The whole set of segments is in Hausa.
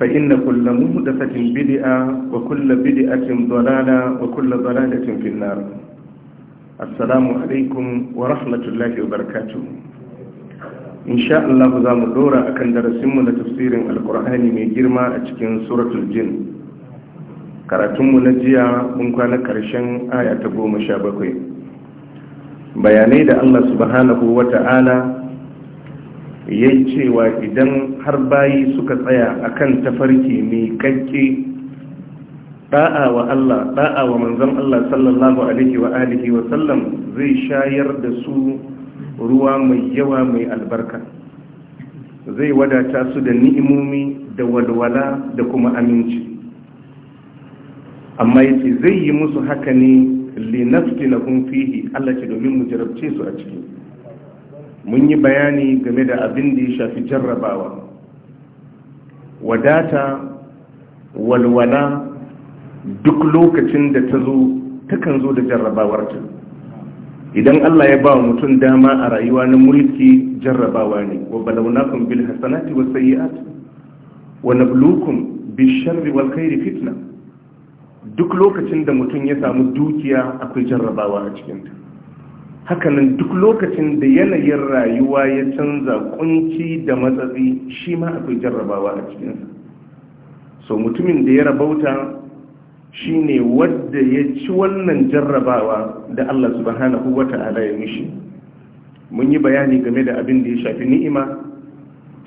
فإن كل مهدفة بدئة وكل بدئة ضلالة وكل ضلالة في النار السلام عليكم ورحمة الله وبركاته إن شاء الله ذا مدورة أكن درسمنا لتفسير القرآن من جرمى أتكين سورة الجن karatunmu na jiya mun kwana ƙarshen aya ta goma sha bakwai bayanai da allah subhanahu wa ta'ala ya cewa idan har bayi suka tsaya akan tafarki mai kakke da'a wa Allah da'a wa manzon Allah sallallahu alaihi wa alihi wa sallam zai shayar da su ruwa mai yawa mai albarka zai wadata su da ni'imomi da walwala da kuma aminci amma yace zai yi musu haka ne linaftinahum fihi Allah ce domin mu jarabce su a ciki mun yi bayani game da abin da ya shafi jarrabawa wadata walwala duk lokacin da ta zo takan zo da jarrabawarta idan Allah ya ba mutum dama a rayuwa na mulki jarrabawa ne wa balawnakum bil hasanati was sayyi'at wa nablukum sharri wal khairi fitna duk lokacin da mutum ya samu dukiya akwai jarrabawa a cikinta hakanan duk lokacin da yanayin rayuwa ya canza kunci da matsatsi shi ma akwai jarrabawa a cikinsa so mutumin da ya rabauta shi ne wadda ya ci wannan jarrabawa da Allah subhanahu wa ta'ala ya mishi mun yi bayani game da abin da ya shafi ni'ima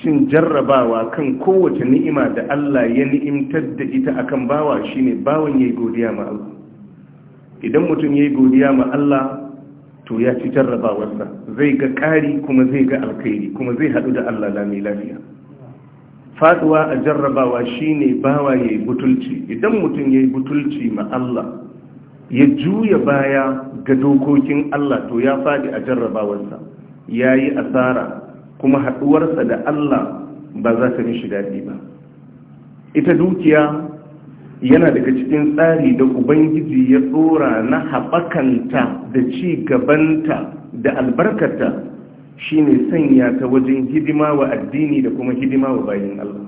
cin jarrabawa kan kowace ni'ima da Allah ya ni'imtar da ita akan bawa shine bawan yi godiya ma idan mutum yayi godiya ma Allah to ya ci jarrabawarsa zai ga ƙari kuma zai ga alkhairi kuma zai haɗu da Allah lami lafiya faduwa a jarrabawa shine bawa yayi butulci idan mutum yayi butulci ma Allah ya juya baya ga dokokin Allah to ya faɗi a jarrabawarsa yayi asara kuma haɗuwarsa da Allah ba za ta mishi dadi ba ita dukiya yana daga cikin tsari da ubangiji ya tsora na haɓakanta da ci gabanta da albarkata shine sanya ta wajen hidima wa addini da kuma hidima wa bayan Allah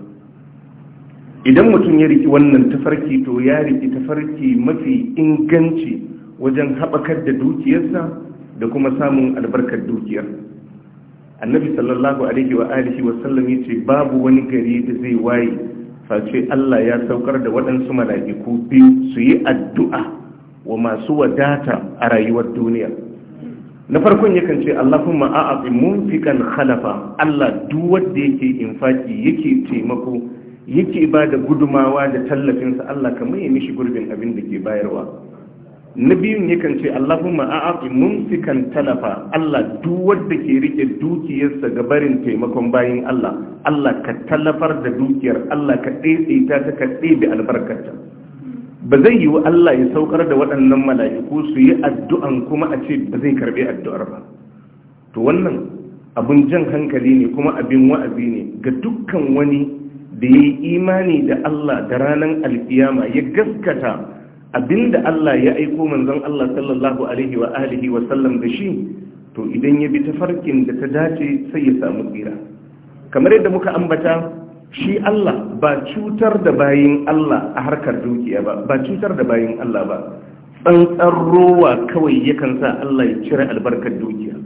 idan mutum ya riki wannan tafarki to ya riki tafarki mafi inganci wajen haɓakar da dukiyarsa da kuma samun albarkar dukiyar annabi sallallahu alaihi wa alihi wa sallam yace babu wani gari da zai waye face Allah ya saukar da waɗansu mala'iku biyu su yi addu'a wa masu wadata a rayuwar duniya na farkon yakan ce Allahumma a'ati munfikan khalafa Allah duk wanda yake infaki yake taimako yake ba da gudumawa da tallafinsa Allah kamar ya mishi gurbin abin da ke bayarwa na biyun yakan ce Allahumma a'aqi mumsikan talafa Allah duk wanda ke rike dukiyarsa ga barin taimakon bayin Allah Allah ka talafar da dukiyar Allah ka daidaita ta ka ɗebe albarkarta ba zai yi wa Allah ya saukar da waɗannan mala'iku su yi addu'an kuma a ce ba zai karɓi addu'ar ba to wannan abin jan hankali ne kuma abin wa'azi ne ga dukkan wani da ya yi imani da Allah da ranar alkiyama ya gaskata abinda Allah ya aiko manzon Allah sallallahu alaihi wa alihi wa sallam da shi to idan ya bi ta farkin da ta dace sai ya samu tsira kamar yadda muka ambata shi Allah ba cutar da bayin Allah a harkar dukiya ba ba cutar da bayin Allah ba tsantsar rowa kawai yakan sa Allah ya cire albarkar dukiya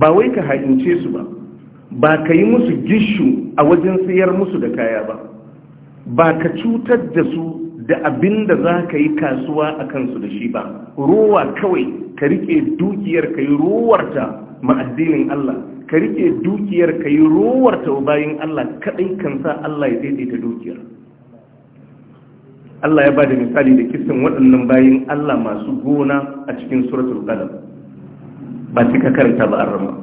ba wai ka haƙince su ba ba ka yi musu gishu a wajen sayar musu da kaya ba ba ka cutar da su da abin da za ka yi kasuwa a kansu da shi ba ruwa kawai ka rike dukiyar ka yi ruwarta ma'addinin Allah ka rike dukiyar ka yi ruwarta bayan Allah kaɗai kan sa Allah ya daidaita dukiyar Allah ya ba da misali da kisan waɗannan bayan Allah masu gona a cikin suratul qalam ba cika karanta ba arama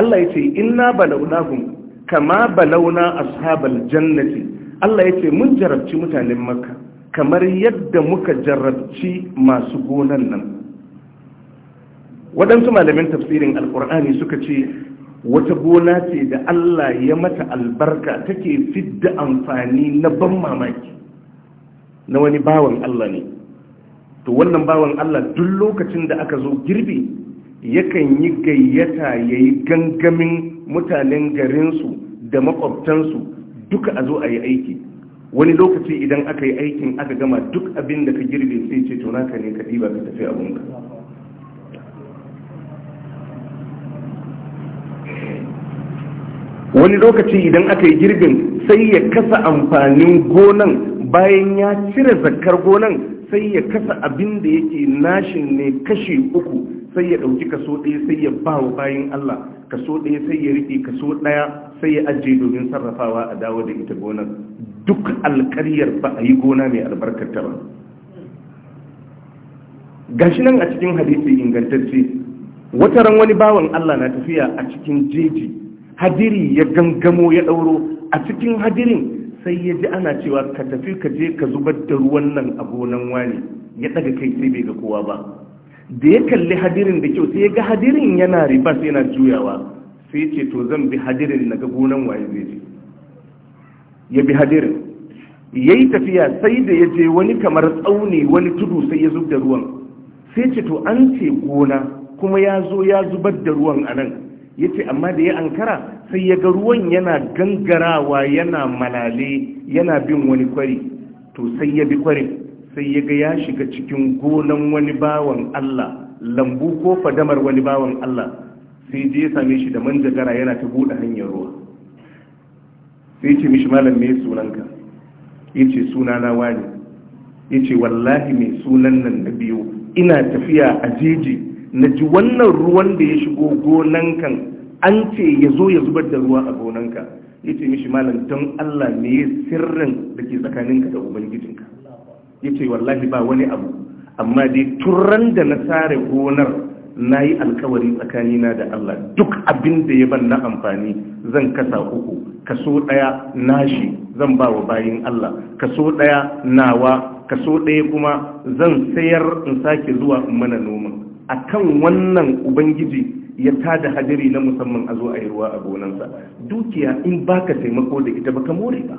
Allah ya ce inna balawnahum kama balawna ashabal jannati Allah ya ce mun jarabci mutanen makka kamar yadda muka jarrabci masu gonan nan waɗansu malamin tafsirin alkur'ani suka ce wata gona ce da allah ya mata albarka take fidda amfani na ban mamaki na wani bawan allah ne to wannan bawan allah duk lokacin da aka zo girbi yakan yi gayyata ya yi gangamin mutanen garinsu da maƙwabtansu duka a zo a yi aiki wani lokaci idan aka yi aikin aka gama duk abin da ka girbe sai ce to naka ne ka ɗiba ka tafi ka. wani lokaci idan aka yi girbin sai ya kasa amfanin gonan bayan ya cire zakar gonan sai ya kasa abin da yake nashin ne kashi uku sai ya ɗauki kaso ɗaya sai ya ba wa bayan Allah kaso ɗaya sai ya riƙe kaso ɗaya sai ya ajiye domin sarrafawa a dawo da ita gona. duk alƙaryar ba a yi gona mai albarkata ba gashi nan a cikin hadisi ingantacce wata ran wani bawan Allah na tafiya a cikin jeji hadiri ya gangamo ya ɗauro a cikin hadirin sai ya ji ana cewa ka tafi ka je ka zubar da ruwan nan a gonan wani ya ɗaga kai sai bai ga kowa ba da ya kalli hadirin da kyau sai ya ga hadirin yana ribas yana juyawa sai ya ce to zan bi hadirin na ga gonan waye zai je ya bi hadirin ya yi tafiya sai da ya je wani kamar tsauni wani tudu sai ya zub da ruwan sai ce to an ce gona kuma ya zo ya zubar da ruwan a nan ya ce amma da ya ankara sai ya ga ruwan yana gangarawa yana malale yana bin wani kwari to sai ya bi kwarin sai ya ga ya shiga cikin gonan wani bawan Allah lambu ko fadamar wani bawan Allah sai je ya same shi da manjagara yana ta buɗe hanyar ruwa sai ce mishi malam me sunanka yace na wani yace wallahi me sunan nan na biyu ina tafiya a jeji na ji wannan ruwan da ya shigo gonankan an ce ya zo ya zubar da ruwa a gonanka ya ce mishi malam don Allah me sirrin da ke tsakaninka da ubangijinka yace wallahi ba wani abu amma dai turan da na sare gonar na yi alkawari tsakanina da Allah duk abin da ya ban na amfani zan kasa uku kaso ɗaya nashi zan ba wa bayin Allah kaso ɗaya nawa kaso ɗaya kuma zan sayar in sake zuwa in mana noman akan wannan ubangiji ya tada hadiri na musamman a zo a yi ruwa a gonansa dukiya in baka taimako da ita baka more ba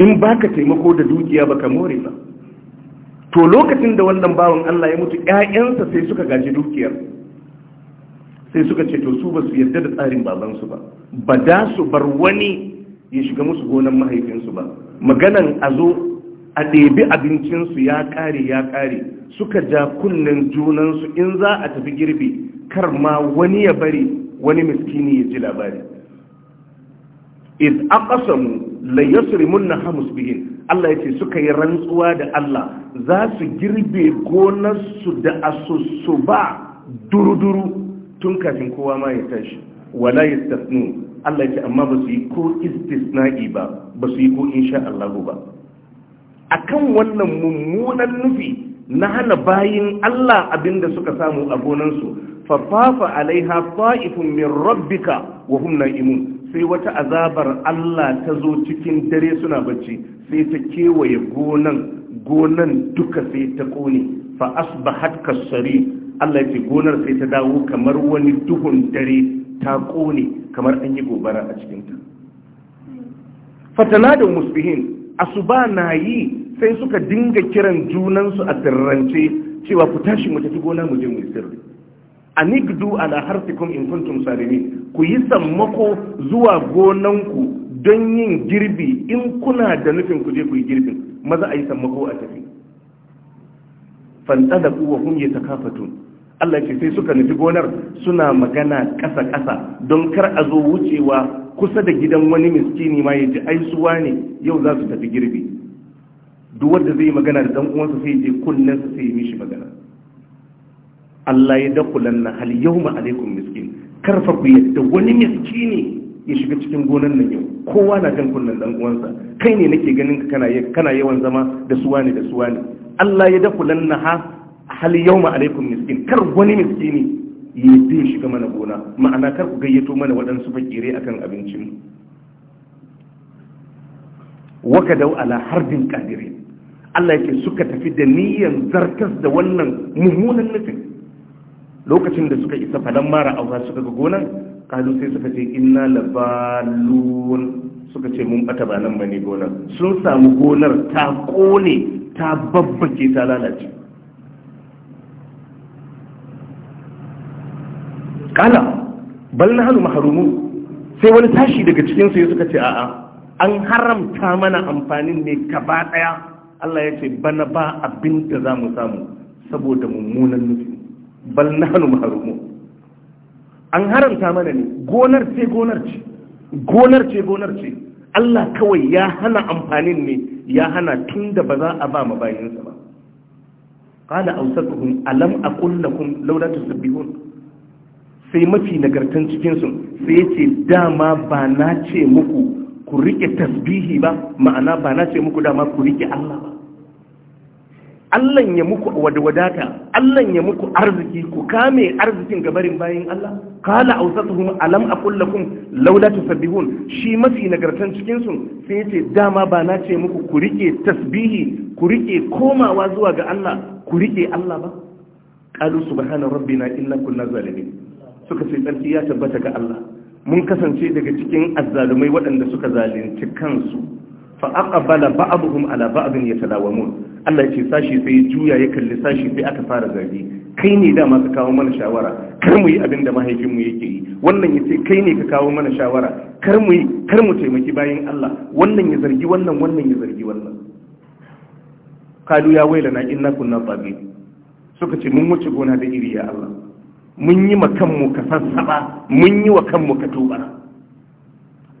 in baka taimako da dukiya baka more ba to lokacin da wannan bawan Allah ya mutu ƴaƴansa sai suka gaji dukiyar sai suka ce to su ba su yarda da tsarin babansu ba ba da su bar wani ya shiga musu gonan mahaifinsu ba maganan a zo a ɗebi abincinsu ya ƙare ya ƙare suka ja kunnen junansu in za a tafi girbi kar ma wani ya bari wani miskini ya ji labari iz aqsamu la munna hamus bihin Allah ce suka yi rantsuwa da Allah za su girbe gonarsu su da asusuba duruduru tun kafin kowa ma ya tashi wala yastasnu Allah ce amma ba su yi ko istisna'i ba ba su yi ko insha Allah ba akan wannan mummunan nufi na hana bayin Allah abinda suka samu a gonansu fafafa alaiha fa'ifun min rabbika wa hum na'imun sai wata azabar Allah ta zo cikin dare suna bacci sai ta kewaye gonan gonan duka sai ta kone fa asbahat kasari Allah ce gonar sai ta dawo kamar wani duhun dare ta kone kamar an yi gobara a cikinta fatana da musbihin asuba na yi sai suka dinga kiran junansu a sirrance cewa ku tashi mu tafi gona mu je mu sirri anigdu ala harsikum in kuntum salimin ku yi sammako zuwa gonanku don yin girbi in kuna da nufin ku je ku yi girbin maza a yi sammako a tafi kuwa wa yi yatakafatun Allah ce sai suka nufi gonar suna magana ƙasa ƙasa don kar a zo wucewa kusa da gidan wani miskini ma ya ji aisuwa ne yau za su tafi girbi duk wanda zai magana da dan uwansa sai je kunnen sai ya mishi magana Allah ya dakulan na hal yau alaikum miskin karfa ku yadda wani miskini ya shiga cikin gonan nan yau kowa na jan kunnan dan uwansa kai ne nake ganin ka kana yawan zama da suwa ne da suwa ne Allah ya dakulan na ha hal yau alaikum miskin kar wani miskini ya yadda shiga mana gona ma'ana kar ku gayyato mana waɗansu fakire akan abincin waka dau ala harbin qadirin Allah yake suka tafi da niyyar zartas da wannan mummunan nufin lokacin da suka isa fadan mara ausa suka ga gonan kalu sai suka ce inna labalun suka ce mun bata ba nan bane gonar sun samu gonar ta kone ta babbake ta lalace kala bal na hannu maharumu sai wani tashi daga cikinsu ya suka ce a'a an haramta mana amfanin ne gaba daya Allah ya ce bana ba abin da za mu samu saboda mummunan nufin bal nahnu mahrumun an haramta mana ne gonar ce gonar ce gonar ce gonar ce Allah kawai ya hana amfanin ne ya hana tun da ba za a ba ma mabayinsa ba qala awsatuhum alam aqul lakum laula tusabbihun sai mafi nagartan cikin su sai yace dama ba na ce muku ku rike tasbihi ba ma'ana ba na ce muku dama ku rike Allah ba Allah ya muku wadata Allah ya muku arziki ku kame arzikin gabarin bayin Allah kala ausatuhum alam aqul lakum laula tusabbihun shi mafi nagartan cikin su sai yace dama ba na ce muku ku rike tasbihi ku rike komawa zuwa ga Allah ku rike Allah ba qalu subhana rabbina inna kunna zalimin suka ce tsarki ya tabbata ga Allah mun kasance daga cikin azzalumai waɗanda suka zalunci kansu fa aqbala ba'dhum ala ba'd yatalawamun Allah yake sashi sai juya ya kalli sashi sai aka fara zargi kai ne da masu kawo mana shawara kar mu yi abin da mahaifinmu yake yi wannan yace kai ne ka kawo mana shawara kar mu yi kar mu taimaki bayin Allah wannan ya zargi wannan wannan ya zargi wannan kalu ya na inna kunna tabi suka ce mun wuce gona da iri ya Allah mun yi ma kanmu ka sassaba mun yi wa kanmu ka tubara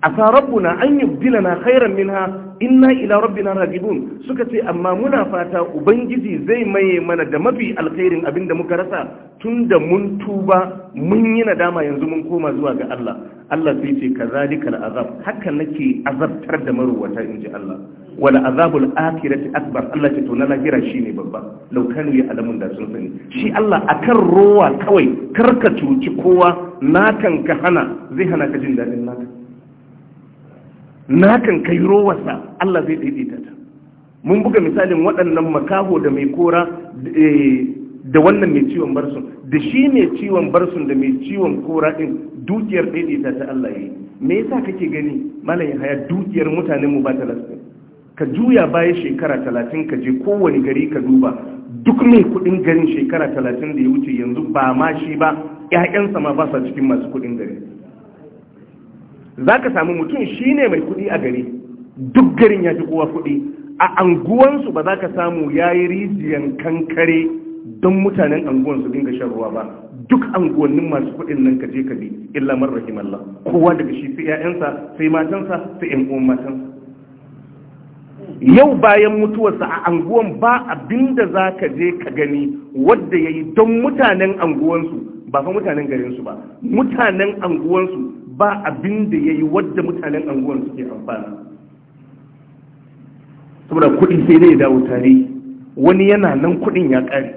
asa rabbuna an yubdilana khairan minha inna ila rabbina ragibun suka ce amma muna fata ubangiji zai maye mana da mafi alkhairin abinda muka rasa tunda mun tuba mun yi nadama yanzu mun koma zuwa ga Allah Allah sai ce kazalika al'azab haka nake azabtar da maruwata inji Allah wala azabul akhirati akbar Allah ce to na lahira shine babba law kanu alamun da sun sani shi Allah akan rowa kawai karka cuci kowa nakan ka hana zai hana ka jin dadin naka nakan kai rowarsa Allah zai daidaita ta mun buga misalin waɗannan makaho da mai kora eh, da wannan mai ciwon barsun da shi mai ciwon barsun da mai ciwon kora din dukiyar daidaita ta Allah yi me yasa kake gani malam haya dukiyar mutanen mu ba ta lasta ka juya baya shekara talatin ka je kowane gari ka duba duk mai kuɗin garin shekara talatin da ya wuce yanzu ba ma shi ba 'ya'yansa ma ba sa cikin masu kuɗin gari za ka samu mutum shi ne mai kuɗi a gari duk garin ya fi kowa kuɗi a anguwansu ba za ka samu ya yi rijiyar kankare don mutanen anguwansu dinga shan ruwa ba duk anguwannin masu kuɗin nan ka je ka bi illa mara rahim Allah kowa daga shi sai 'ya'yansa, sai matansa sai ƴan uwan matansa yau bayan mutuwarsa a anguwan ba abinda za ka je ka gani wadda ya yi don mutanen anguwansu ba fa mutanen garinsu ba mutanen anguwansu ba abin da ya yi wadda mutanen anguwar ke amfana saboda kuɗi sai dai dawo tare wani yana nan kuɗin ya ƙare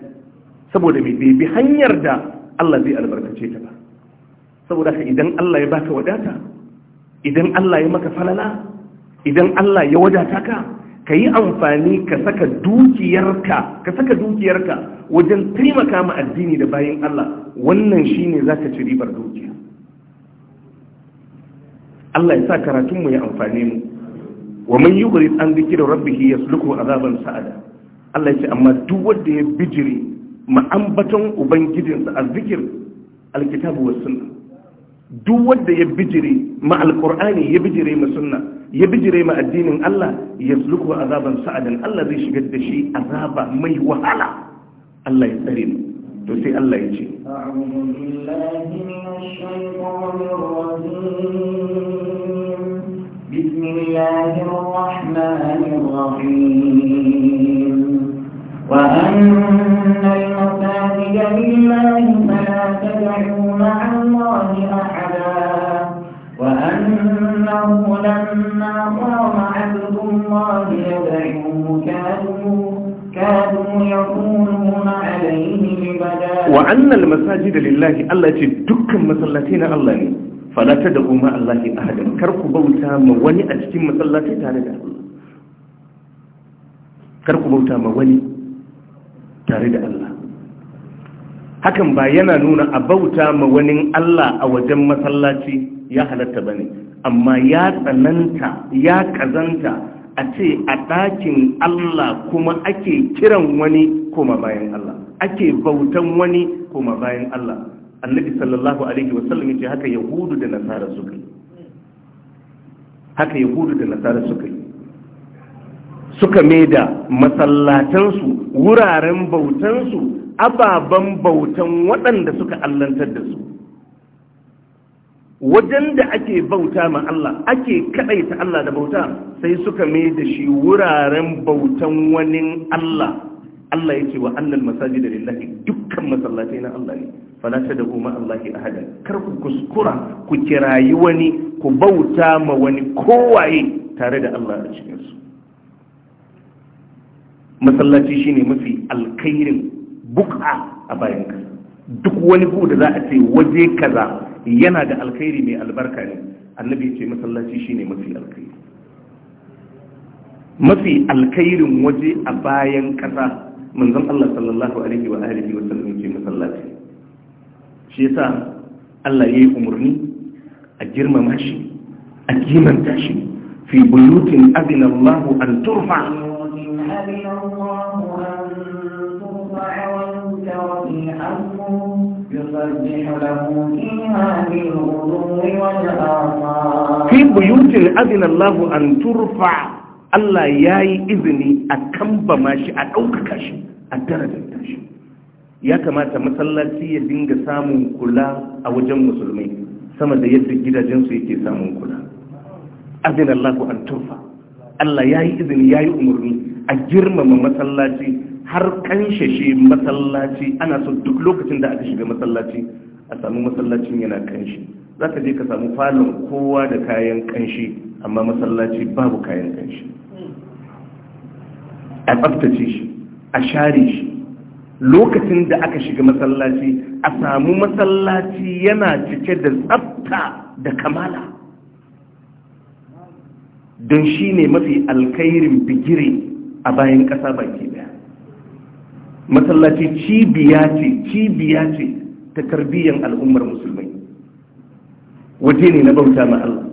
saboda mai bebe hanyar da Allah zai albarkace ta ba saboda ka idan Allah ya baka wadata idan Allah ya maka falala idan Allah ya wadata ka ka yi amfani ka saka dukiyarka ka saka dukiyarka wajen taimaka ma addini da bayan Allah wannan shine zaka ci ribar dukiya Allah ya sa karatun mu ya amfane mu wa man yughrid an dhikra rabbih yasluku azaban sa'ada Allah ya ce amma duk wanda ya ma bijire ma'ambaton ubangijinsa azzikir alkitabu was sunna duk wanda ya bijire ma alqur'ani ya bijire ma sunna ya bijire ma addinin Allah yasluku azaban sa'adan Allah zai shigar da shi azaba mai wahala Allah ya tsare mu تسي الله يجي بسم الله الرحمن الرحيم وأن المساجد لله فلا تدعوا مع الله أحدا وأنه لما قام عبد الله يدعوك أدعوه وأن المساجد لله الله يجي دك مسلاتين الله ني فلا تدعوا مع الله أحدا كركوا بوتا ما وني أجتم مسلاتي تاري دا الله كركوا بوتا ما وني تاري دا الله hakan ba yana nuna a bauta ma wani Allah a wajen masallaci ya halatta bane amma ya tsananta ya kazanta a ce a ɗakin Allah kuma ake kiran wani kuma bayan Allah ake bautan wani kuma bayan Allah annabi sallallahu alaihi wasallam yace haka yahudu da nasara suka yi haka yahudu da nasara suka yi suka maida masallatansu wuraren bautansu ababen bautan waɗanda suka allantar da su wajen da ake bauta ma Allah ake ta Allah da bauta sai suka mai da shi wuraren bautan wani Allah Allah yake wa annal masajida lillahi dukkan masallatai na Allah ne falata tad'u ma Allahi ahada kar ku kuskura ku kirayi wani ku bauta ma wani kowaye tare da Allah a cikin su masallaci shine mafi alkhairin buk'a a bayan ka duk wani ku da za a ce waje kaza yana da alkhairi mai albarka ne annabi ce masallaci shine mafi alkhairi mafi alkhairin waje a bayan kasa manzon Allah sallallahu alaihi wa alihi wa sallam ce masallaci shi yasa Allah yayi umurni a girmama shi a kimanta shi fi buyutin adina Allah an turfa adina Allah an turfa wa yunta يسبح له فيها بالغدو والآصال في Allah ya yi izini a kambama shi a ɗaukaka shi a darajanta shi ya kamata masallaci ya dinga samun kula a wajen musulmai sama da yadda gidajensu yake samun kula azin Allah an turfa Allah ya yi izini ya yi umarni a girmama masallaci har kanshashe masallaci ana so duk lokacin da aka shiga masallaci a samu masallacin yana kanshi za ka je ka samu falon kowa da kayan kanshi amma masallaci babu kayan kanshi a tsaftace shi a share shi lokacin da aka shiga masallaci a samu masallaci yana cike da tsafta da kamala don shi ne mafi alkairin bigire a bayan ƙasa baki daya masallaci cibiya ce cibiya ce ta tarbiyyar al'ummar musulmai waje ne na bauta ma Allah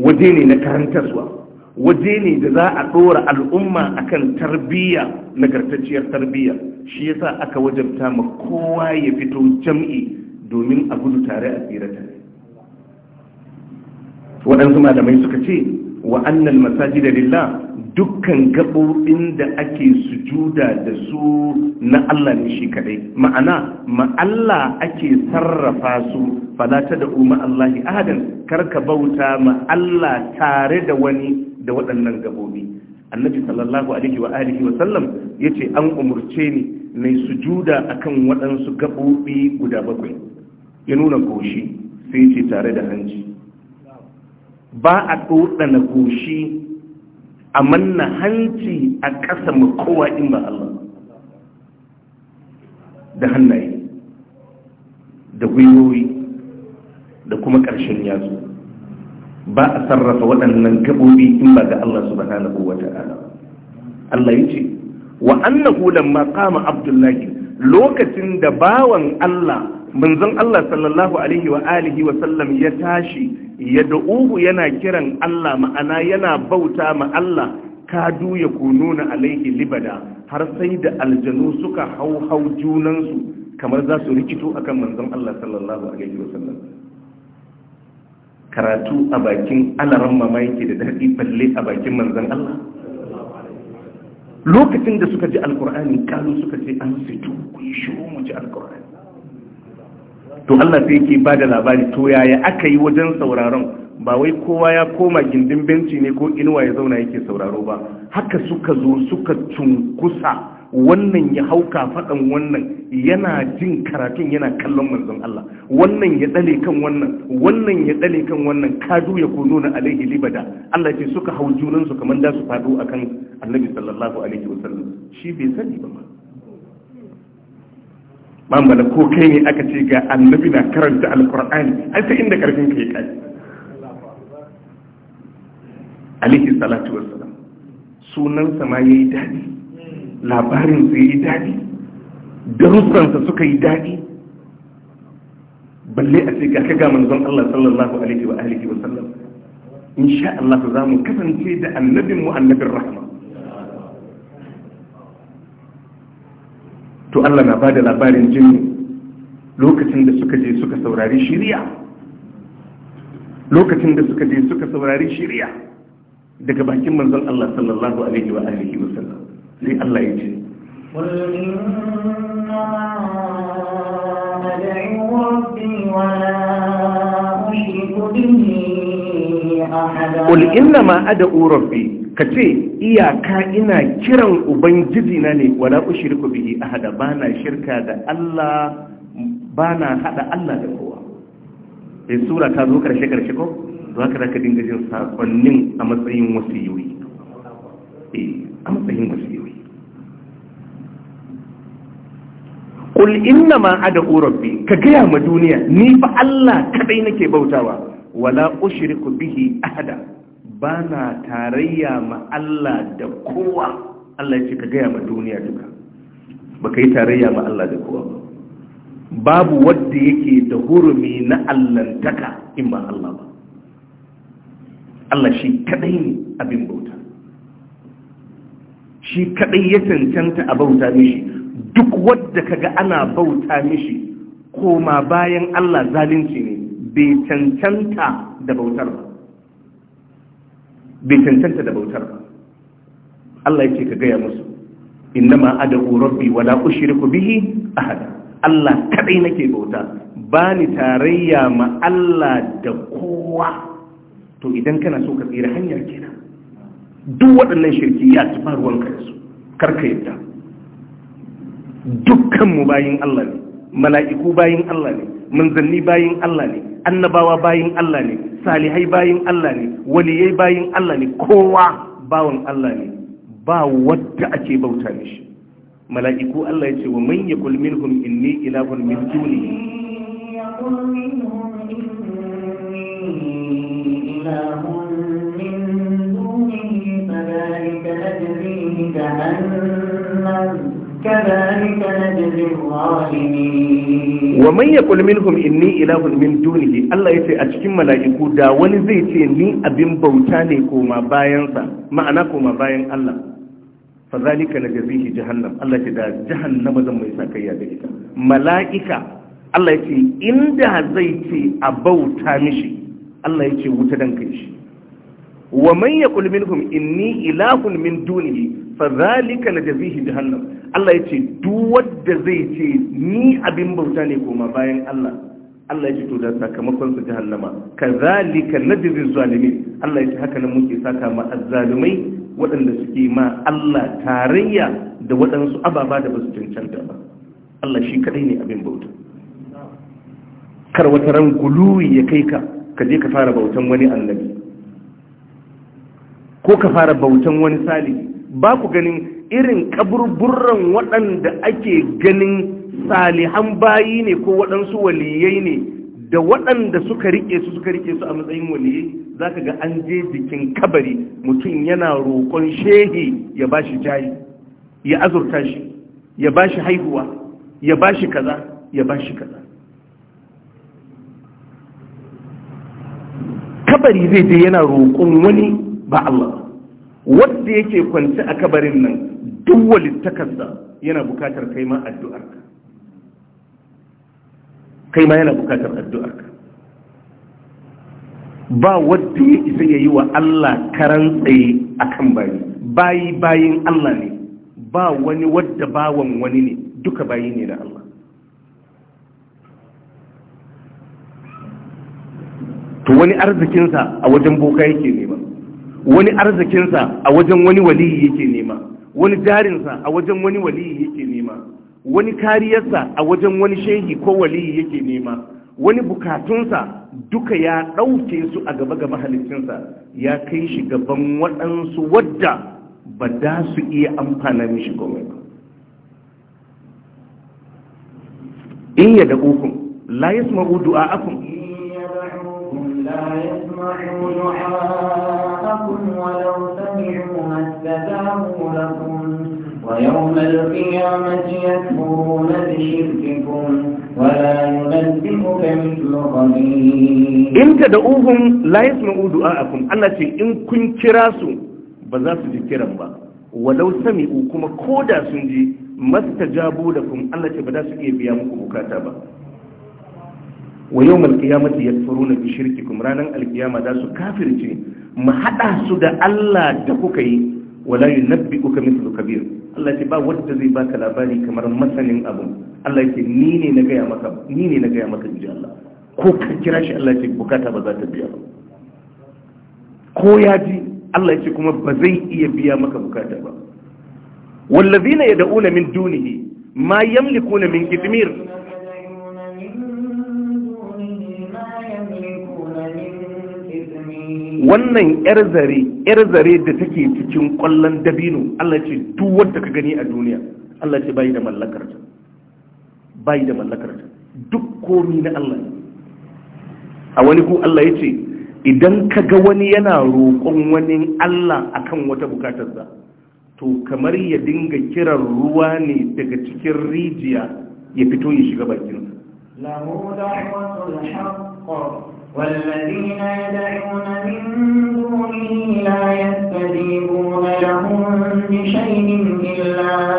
waje ne na karantarwa waje ne da za a ɗora al'umma akan tarbiyya nagartacciyar tarbiyya shi yasa aka wajabta ma kowa ya fito jam'i domin a gudu tare a tsira tare waɗansu malamai suka ce wa annal masajida lillah dukkan gabobin da ake sujuda da su na Allah ne shi kadai ma'ana ma Allah ake sarrafa su fala ta da umma Allah ahadan karka bauta ma Allah tare da wani da waɗannan gabobi annabi sallallahu alaihi wa alihi wa sallam yace an umurce ni mai sujuda akan waɗansu gabobi guda bakwai ya nuna goshi sai ce tare da hanci ba a ɗoɗana goshi a manna hanci a ƙasa ma kowa in ba Allah da hannaye da gwiwoyi da kuma ƙarshen yatsu ba a sarrafa waɗannan gaɓoɓi in ba ga Allah su subhanahu na ta'ala Allah ya ce wa annahu lamma qama abdullahi lokacin da bawan Allah manzon Allah sallallahu alaihi wa alihi wa sallam ya tashi ya da'uhu yana kiran Allah ma'ana yana bauta ma Allah ka duya ku nuna alaihi libada har sai da aljanu suka hau hau junansu kamar za su rikito akan manzon Allah sallallahu alaihi wa sallam karatu a bakin alaran mamaki da daɗi balle a bakin manzon Allah lokacin da suka ji alkur'ani kalu suka ce an fito ku yi shiru mu ji alkur'ani to Allah sai yake bada labari to yaya aka yi wajen sauraron ba wai kowa ya koma gindin benci ne ko inuwa ya zauna yake sauraro ba haka suka zo suka cunkusa wannan ya hauka faɗan wannan yana jin karatun yana kallon manzon Allah wannan ya ɗale kan wannan wannan ya ɗale kan wannan kadu ya ko na alaihi libada Allah ce suka hau junansu kamar da su faɗo akan annabi sallallahu alaihi wasallam shi bai sani ba mamala ko kai ne aka ce ga annabi na karanta alkur'ani ai ta inda karfin ka ya kai alaihi salatu wassalam sa ma yayi dadi labarin sa yayi dadi sa suka yi dadi balle a ce ga ka ga manzon Allah sallallahu alaihi wa alihi wa sallam insha Allah za mu kasance da annabin mu annabin rahma to Allah na bada labarin jinnu lokacin da suka je suka saurari shiriya lokacin da suka je suka saurari shiriya daga bakin manzon Allah sallallahu alaihi wa alihi wa sallam sai Allah ya ce قل إنما أدعو ربي ولا أشرك به أحدا قل إنما أدعو ربي ka ce iyaka ina kiran ubangiji na ne wala ushriku bihi ahada bana shirka da Allah bana hada Allah da kowa sai eh, sura ta zo karshe karshe ko za ka zaka dinga jin sakonnin a matsayin wasiyoyi eh a matsayin wasiyoyi qul inna ma ad'u rabbi ka gaya ma duniya ni fa Allah kadai nake bautawa wala ushriku bihi ahada ba na tarayya ma Allah da kowa Allah ya ce ka gaya ma duniya duka ba ka yi tarayya ma Allah da kowa ba babu wadda yake da hurumi na allantaka in ba Allah ba Allah shi kadai ne abin bauta shi kadai ya cancanta a bauta mishi duk wadda kaga ana bauta mishi koma bayan Allah zalunci ne bai cancanta da bautar ba bai cancanta da bautar ba Allah yake ka gaya musu innama ad'u rabbi wa la ushriku bihi ahada Allah kadai nake bauta Bani tarayya ma Allah da kowa to idan kana so ka tsira hanyar kenan duk waɗannan shirki ya ci faruwan ka su karka yadda dukkan mu bayin Allah ne mala'iku bayin Allah ne manzanni bayin Allah ne annabawa bayin Allah ne salihai bayin Allah ne waliyai bayin Allah ne kowa bawan Allah ne ba wadda ake bauta shi. mala'iku Allah ya ce wa man yakul minhum inni ilahun min duni Thank you. كذلك نجزي الظالمين ومن يقول منهم إني إله من دونه الله يتي أتكم ملائكو دا ولزي تيني أبن بوتاني كوما باينسا معنى كوما باين الله فذلك نجزيه جهنم الله يتي دا جهنم زم يساكيا بإتا ملائكة Allah ya ce inda zai ce a bauta mishi Allah ya ce wuta dan kai shi wa man yaqul minhum inni ilahun min dunihi fa zalika najzihi jahannam Allah yace duk wanda zai ce ni abin bauta ne koma bayan Allah Allah yace to da sakamakon su jahannama kazalika najzi zalimin Allah yace haka nan muke saka ma azzalumai waɗanda suke ma Allah tarayya da waɗansu ababa da basu cancanta ba Allah shi kadai ne abin bauta kar wata ran guluwi ya kai ka ka je ka fara bautan wani annabi ko ka fara bautan wani sali ba ku ganin irin kaburburan waɗanda ake ganin salihan bayi ne ko waɗansu waliyai ne da waɗanda suka rike su suka rike su a matsayin waliyai za ka ga an je jikin kabari mutum yana roƙon shehi ya ba shi jayi ya azurta shi ya ba shi haihuwa ya ba shi kaza ya ba shi kaza kabari zai je yana roƙon wani ba Allah wanda yake kwanci a kabarin nan duk walittakarsa yana bukatar kai ma addu'arka kai ma yana bukatar addu'arka ba wadda ya isa ya yi wa Allah karan tsaye a kan bayi bayi bayin Allah ne ba wani wadda bawan wani ne duka bayi ne na Allah to wani arzikinsa a wajen boka yake nema wani arzikinsa a wajen wani waliyi yake nema wani jarinsa a wajen wani waliyi yake nema wani kariyarsa a wajen wani shehi ko waliyi yake nema wani bukatunsa duka ya ɗauke su a gaba ga mahalicinsa ya kai shi gaban waɗansu wadda ba za su iya amfana mishi gome ba in ya da ukun la yasma'u du'a'akum Layat mahaifiyu da uhun layin sun udu, aa, kuma Allah ce in kun kira su ba za su ji kiran ba, wa lau sami uku ma ko da sun je masu ta jabu da kuma Allah ce ba za su iya biya muku bukata ba. wa yau malkiyamati ya tsoro na shirki kuma ranar alkiyama za su kafirce mu haɗa su da Allah da kuka yi wala yi nabbi uka mislu kabir Allah ce ba wadda zai baka labari kamar masanin abu Allah ce ni ne na gaya maka ni ne na gaya maka inji Allah ko ka kira shi Allah ce bukata ba za ta biya ba ko ya ji Allah ce kuma ba zai iya biya maka bukata ba wallazina yad'una min dunihi ma yamlikuna min qitmir wannan yar zare yar zare da take cikin kwallon dabino Allah ce duk wanda ka gani a duniya Allah ce bai da mallakar ta bai da mallakar ta duk komi na Allah a wani ku Allah ya ce idan ka ga wani yana roƙon wani Allah akan wata bukatarsa to kamar ya dinga kiran ruwa ne daga cikin rijiya ya fito ya shiga bakin lahu da'watul haqq والذين يدعون من دونه لا يستجيبون لهم بشيء إلا,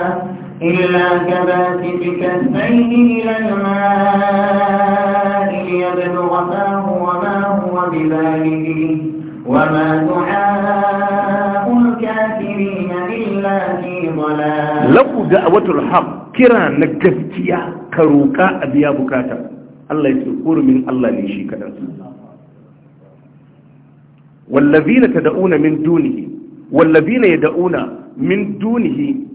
إلا كباسد كفيه إلى الماء ليبلغ فاه وما هو ببالغه وما دعاء الكافرين إلا في ضلال لو دعوة الحق كرا نكفتيا كروكا أبيا بكاتا Allah ya ce hurumin Allah ne shi kadan ta da'una min dunihi ya da'una min dunihi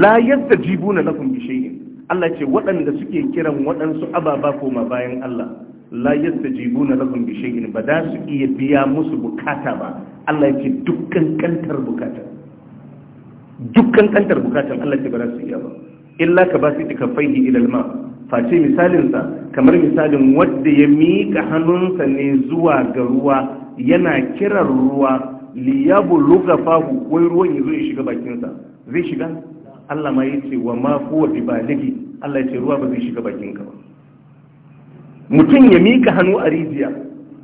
la yastajibuna lakum bi shay'in Allah ce waɗanda suke kiran waɗansu ababa koma bayan Allah la yastajibuna lakum bi shay'in ba za su iya biya musu bukata ba Allah ya ce dukkan kantar bukata dukkan kantar bukatan Allah ce ba za su iya ba illa ka ba su tikafaihi ila ilalma. face misalinsa kamar misalin wadda ya miƙa hannunsa ne zuwa ga ruwa yana kiran ruwa liyabu lugafahu wai ruwan ya zo ya shiga bakinsa zai shiga Allah ma ya ce wa ma kowa bi baligi Allah ya ce ruwa ba zai shiga bakinka ba mutum ya miƙa hannu a rijiya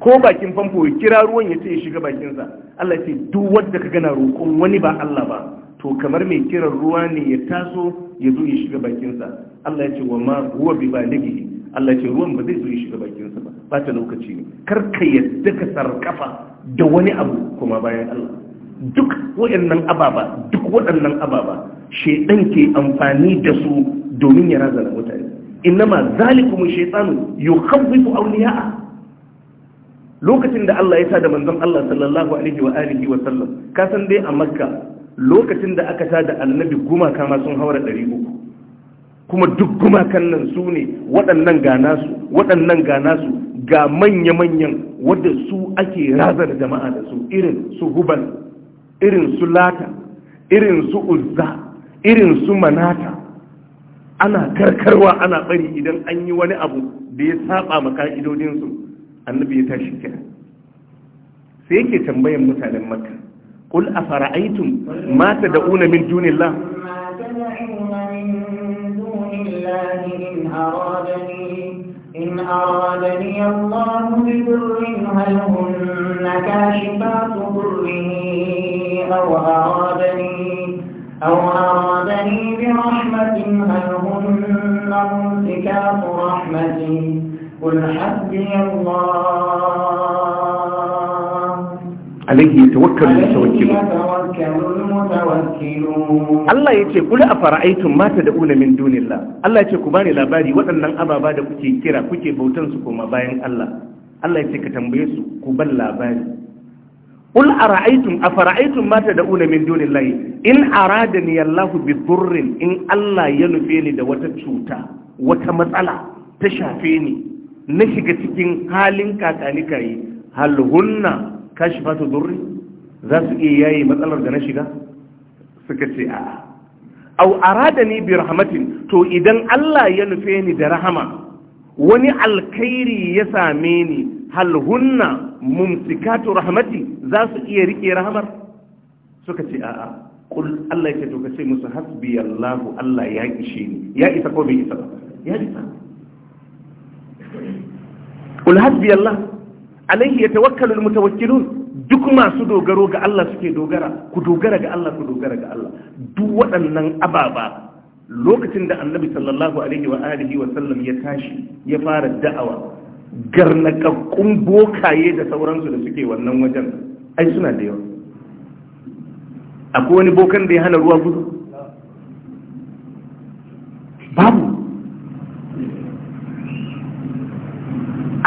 ko bakin famfo ya kira ruwan ya ce ya shiga bakinsa Allah ya ce duk wadda ka gana roƙon wani ba Allah ba to kamar mai kiran ruwa ne ya taso ya zo ya shiga bakinsa Allah ya ce wa ma huwa bi balighi Allah ya ce ruwan ba zai zo ya shiga bakinsa ba ba ta lokaci ne kar ka yadda ka sarkafa da wani abu kuma bayan Allah duk wayannan ababa duk waɗannan ababa shedan ke amfani da su domin ya razana mutane innama zalikum shaytanu yukhawwifu awliya'a lokacin da Allah ya sa da manzon Allah sallallahu alaihi wa alihi wa sallam ka san dai a Makka lokacin da aka sa da annabi gumaka ma sun haura 300 kuma duk gumakan nan su ne waɗannan ga nasu waɗannan ga nasu ga manya-manyan wadda su ake razana jama'a da su irin su hubal irin su lata irin su uzza irin su manata ana karkarwa ana bari idan an yi wani abu da ya saba ma ka'idodinsu annabi ya tashi kira sai yake tambayan mutanen makka qul afara'aytum ma tad'una min dunillah الله إن أرادني إن أرادني الله بضر هل هن كاشفات ضره أو أرادني أو أرادني برحمة هل هن ممسكات رحمتي قل حسبي الله alaihi yatawakkalu mutawakkilun Allah ya ce yace kul afara'aytum ma tad'una min dunillah Allah ya ce ku bani labari waɗannan ababa da kuke kira kuke bautan su koma bayan Allah Allah ya ce ka tambaye su ku ban labari kul ara'aytum afara'aytum ma tad'una min dunillah in aradani Allahu bi dhurrin in Allah ya nufe ni da wata cuta wata matsala ta shafe ni na shiga cikin halin kakani kai hal hunna kashi fata durri za su iya yayi matsalar da na shiga suka ce a au arada ni bi rahmatin to idan Allah ya nufe ni da rahama wani alkhairi ya same ni hal hunna mumsikatu rahmati za su iya rike rahamar suka ce a'a kul Allah yake to ka ce musu hasbi Allah Allah ya ishe ni ya isa ko bai isa ya isa kul hasbi Allah alaihi tawakkalu mutawakkilun duk masu dogaro ga Allah suke dogara ku dogara ga Allah ku dogara ga Allah duk waɗannan ababa lokacin da annabi sallallahu alaihi wa alihi wa sallam ya tashi ya fara da'awa garnakakkun bokaye da sauransu da suke wannan wajen ai suna da yawa akwai wani bokan da ya hana ruwa gudu babu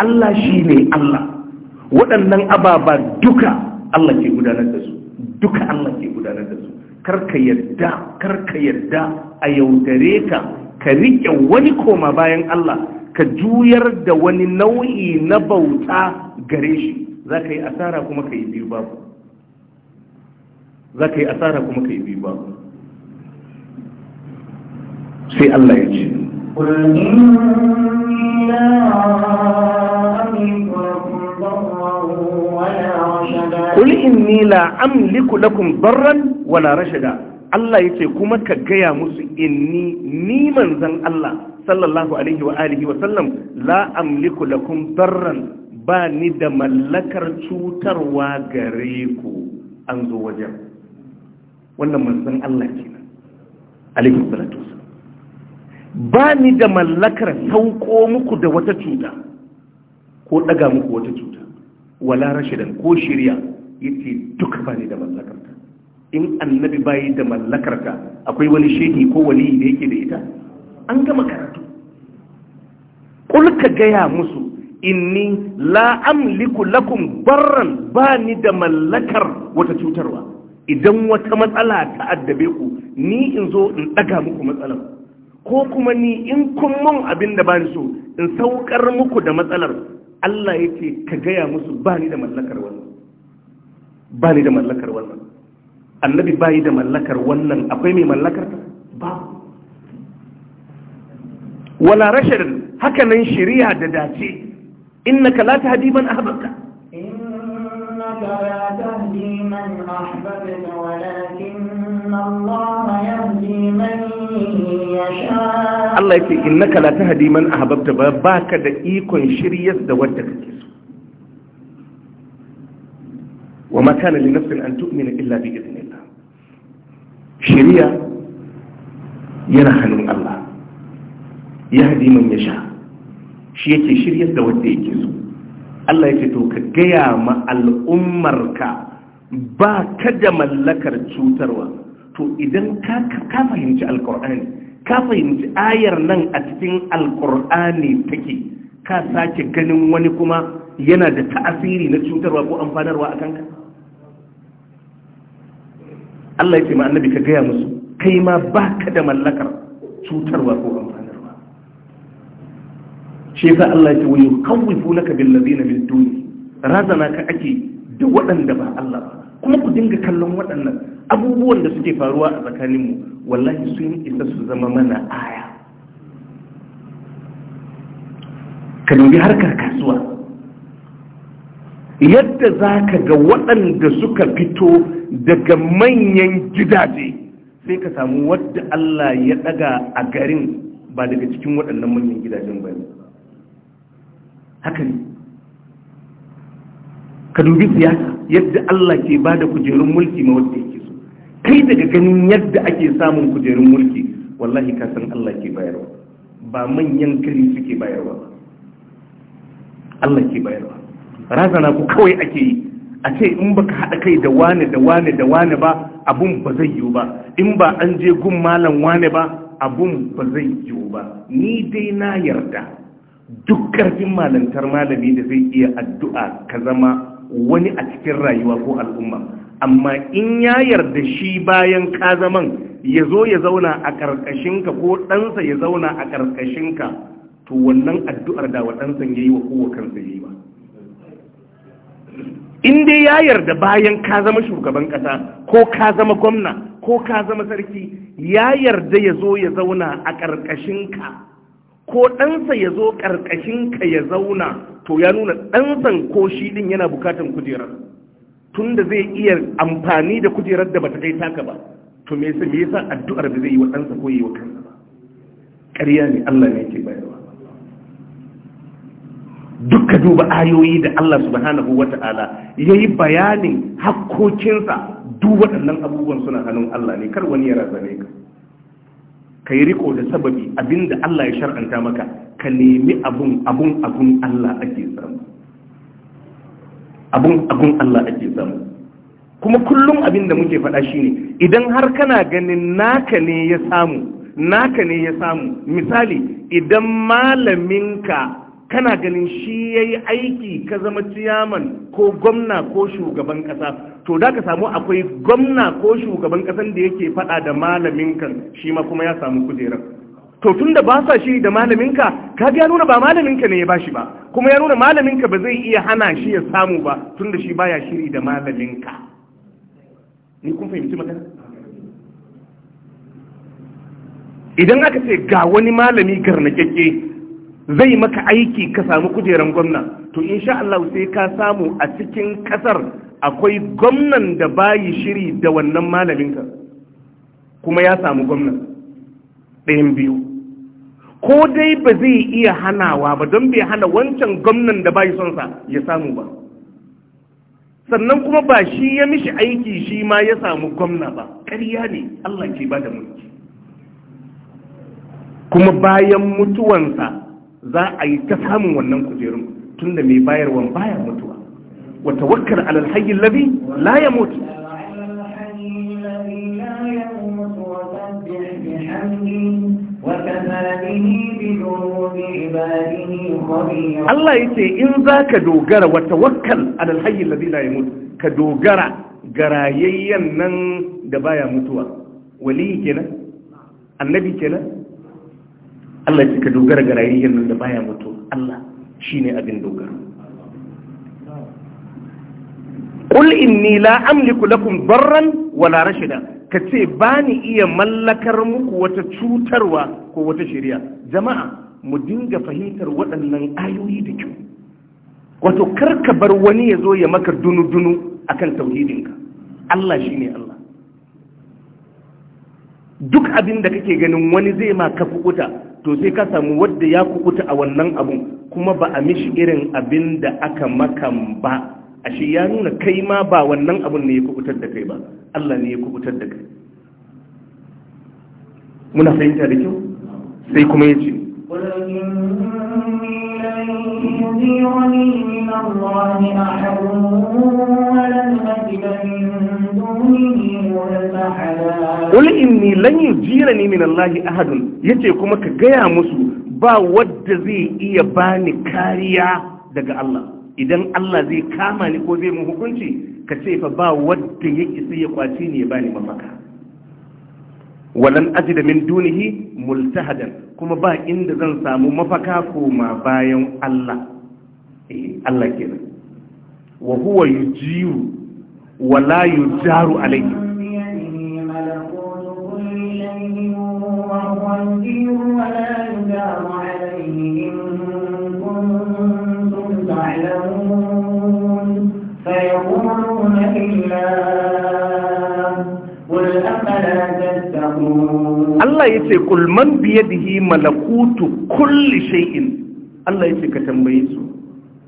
Allah shi ne Allah waɗannan ababa duka Allah ke gudanar da su duka Allah ke gudanar da su karka yadda karka yadda a yaudare ka ka riƙe wani koma bayan Allah ka juyar da wani nau'i na bauta gare shi za ka yi asara kuma ka yi biyu babu za ka yi asara kuma ka yi biyu babu sai Allah ya ce qul inni la amliku lakum darran wala rashada Allah yace kuma ka gaya musu inni ni manzan Allah sallallahu alaihi wa alihi wa sallam la amliku lakum darran ba ni da mallakar cutarwa gare ku an zo wajen wannan manzan Allah kenan alaihi salatu ba ni da mallakar sauko muku da wata cuta ko daga muku wata cuta wala rashidan ko shirya yace duka ba ne da mallakarta in annabi bayi da mallakarta akwai wani shehi ko wali da yake da ita an gama karatu kulka gaya musu inni la amliku lakum barran ba ni da mallakar wata cutarwa idan wata matsala ta addabe ku ni in zo in daga muku matsalar ko kuma ni in kun mun abin da ba ni so in saukar muku da matsalar Allah yake ka gaya musu ba ni da mallakar wani ba ni da mallakar wannan annabi ba yi da mallakar wannan akwai mai mallakar ba wala rashin hakanan nan shari'a da dace Inna innaka la tahdi man ahbabta innaka la tahdi man ahbabta walakinna Allah yahdi man yasha Allah yake innaka la tahdi man ahbabta ba baka da ikon shiryar da wanda kake so wa ma kana li nafsin an tu'mina illa bi idnillah shari'a yana hannun Allah yahdi man yasha shi yake shiryar da wanda yake so Allah ce to ka gaya ma al'ummarka ba ka da mallakar cutarwa to idan ka fahimci alkur'ani ka fahimci ayar nan a cikin alkur'ani take ka sake ganin wani kuma yana da ta'asiri na cutarwa ko amfanarwa a kanka Allah ya ce ma annabi ka gaya musu kai ma ba ka da mallakar cutarwa ko amfanarwa shi yasa Allah ya ce wani kawwifu naka bil ladina na duni razana ka ake da waɗanda ba Allah ba kuma ku dinga kallon waɗannan abubuwan da suke faruwa a tsakaninmu wallahi sun isa su zama mana aya ka dubi harkar kasuwa yadda za ka ga waɗanda suka fito daga manyan gidaje sai ka samu wadda Allah ya ɗaga a garin ba daga cikin waɗannan manyan gidajen ba haka ne ka dubi siyasa yadda Allah ke ba da kujerun mulki ma wadda yake so kai daga ganin yadda ake samun kujerun mulki wallahi ka san Allah ke bayarwa ba manyan kari suke bayarwa ba Allah ke bayarwa razana ku kawai ake yi a ce in baka haɗa kai da wane da wane da wane ba abun ba zai yiwu ba in ba an je gun malam wane ba abun ba zai yiwu ba ni dai na yarda duk ƙarfin malantar malami da zai iya addu'a ka zama wani a cikin rayuwa ko al'umma amma in ya yarda shi bayan ka zaman ya zo ya zauna a ƙarƙashinka ko ɗansa ya zauna a ƙarƙashinka to wannan addu'ar da wa ɗansa ya yi wa kowa kansa ya ba in dai ya yarda bayan ka zama shugaban kasa ko ka zama gwamna ko ka zama sarki ya yarda ya zo ya zauna a ƙarƙashinka ko ɗansa ya zo ƙarƙashinka ya zauna to ya nuna ɗansan ko shi ɗin yana bukatan kujerar tun zai iya amfani da kujerar da bata kai taka ba to me yasa addu'ar da zai yi wa ɗansa ko yi wa kansa ba ƙarya ne Allah ne ke bayarwa duka duba ayoyi da Allah subhanahu wa ta'ala ya yi bayanin hakkokinsa duk waɗannan abubuwan suna hannun Allah ne kar wani ya ne ka ka yi riko da sababi abinda Allah ya shar'anta maka ka nemi abun abun abun Allah ake samu abun abun Allah ake samu kuma kullum abin da muke faɗa shine idan har kana ganin naka ne ya samu naka ne ya samu misali idan malaminka kana ganin shi ya yi aiki ka zama ciyaman ko gwamna ko shugaban kasa to da ka samu akwai gwamna ko shugaban kasan da yake faɗa da malamin kan shi ma kuma ya samu kujerar to tun da ba sa shiri da malaminka ka ga nuna ba malaminka ne ya bashi ba kuma ya nuna malaminka ba zai iya hana shi ya samu ba tun da shi baya shiri da malaminka ni kun fahimci magana idan aka ce ga wani malami garnakekke zai maka aiki ka samu kujeran gwamna to insha Allah sai ka samu a cikin kasar akwai gwamnan da bayi shiri da wannan malaminka kuma ya samu gwamnan ɗayan biyu ko dai ba zai iya hanawa ba don bai hana wancan gwamnan da bayi son sa ya samu ba sannan kuma ba shi ya mishi aiki shi ma ya samu gwamna ba ƙarya ne Allah ke ba da mulki kuma bayan mutuwansa za a yi ta samun wannan kujerun tunda mai bayarwan baya mutuwa wa tawakkal ala alhayy alladhi la yamut Allah ce in za ka dogara wa tawakkal ala alhayy alladhi la yamut ka dogara garayayyen nan da baya mutuwa wali kenan annabi kenan Allah ka dogara ga rayuwar nan da baya mutu Allah shine abin dogaro Kul inni la amliku lakum darran wala rashida kace ni iya mallakar muku wata cutarwa ko wata shari'a jama'a mu dinga fahimtar waɗannan ayoyi da kyau wato karka bar wani ya zo ya maka dunu-dunu akan tauhidinka Allah shine Allah duk abin da kake ganin wani zai ma ka kukuta to sai ka samu wadda ya kukuta a wannan abun kuma ba a mishi irin abin da aka makan ba ashe ya nuna kai ma ba wannan abun ne ya kukutar da kai ba Allah ne ya kukutar da kai muna fahimta da kyau sai kuma ya ce Ƙul inni lan yi jira ni min Allah ahadun yace kuma ka gaya musu ba wadda zai iya bani kariya daga Allah. Idan Allah zai kama ni ko zai mu hukunci ka ce fa ba wadda yake sai ya kwace ni ya bani mamaka. walan da min dunihi multahadan kuma ba inda zan samu mafaka koma bayan Allah eh Allah kenan wa huwa yujiru wa la yujaru alayhi فيقولون إلا Allah ya ce kulman biye dihi malakutu kulli shay'in Allah ya ce ka tambaye su